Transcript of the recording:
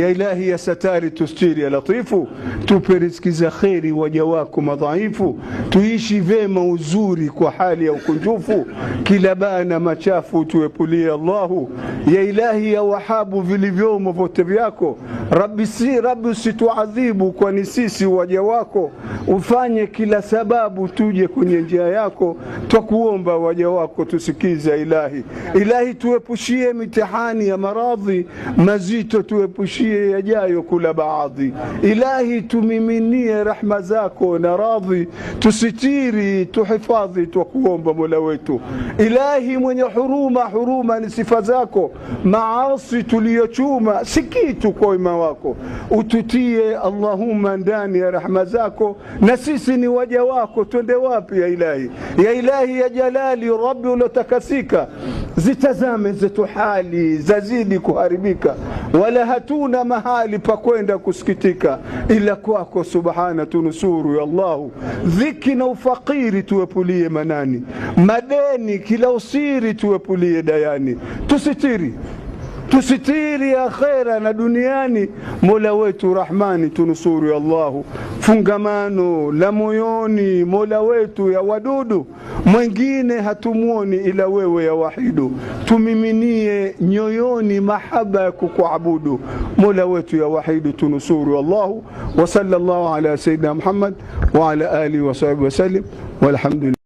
Ya ilahi ya satari tustiri ya latifu, tupe riziki za kheri waja wako madhaifu, tuishi vema uzuri kwa hali ya ukunjufu, kila bana machafu tuepulie Allahu. Ya ilahi ya wahabu vilivyomo vyote vyako, rabbi si rabbi, usituadhibu kwani sisi waja wako, ufanye kila sababu tuje kwenye njia yako, twakuomba waja wako tusikize. Ilahi ilahi, tuepushie mitihani ya maradhi mazito, tuepushie tufikishie yajayo kula baadhi. Ilahi, tumiminie rahma zako na radhi, tusitiri, tuhifadhi, twakuomba mola wetu. Ilahi mwenye huruma, huruma ni sifa zako. Maasi tuliyochuma si kitu kwa wema wako, ututie Allahumma ndani ya rahma zako, na sisi ni waja wako, twende wapi ya ilahi, ya ilahi ya jalali, Rabbi uliotakasika, zitazame zetu hali zazidi kuharibika wala hatuna mahali pa kwenda kusikitika ila kwako subhana, tunusuru ya Allahu, dhiki na ufakiri tuwepulie manani, madeni kila usiri tuwepulie dayani, tusitiri tusitiri akhera na duniani. Mola wetu Rahmani, tunusuru ya Allahu, fungamano la moyoni, mola wetu ya wadudu mwengine hatumuoni ila wewe ya wahidu. Tumiminie nyoyoni mahaba ya kukuabudu mola wetu ya wahidu, tunusuru. Wallahu wa sallallahu ala sayyidina Muhammad wa ala alihi wa sahbihi wasallim walhamdulillah.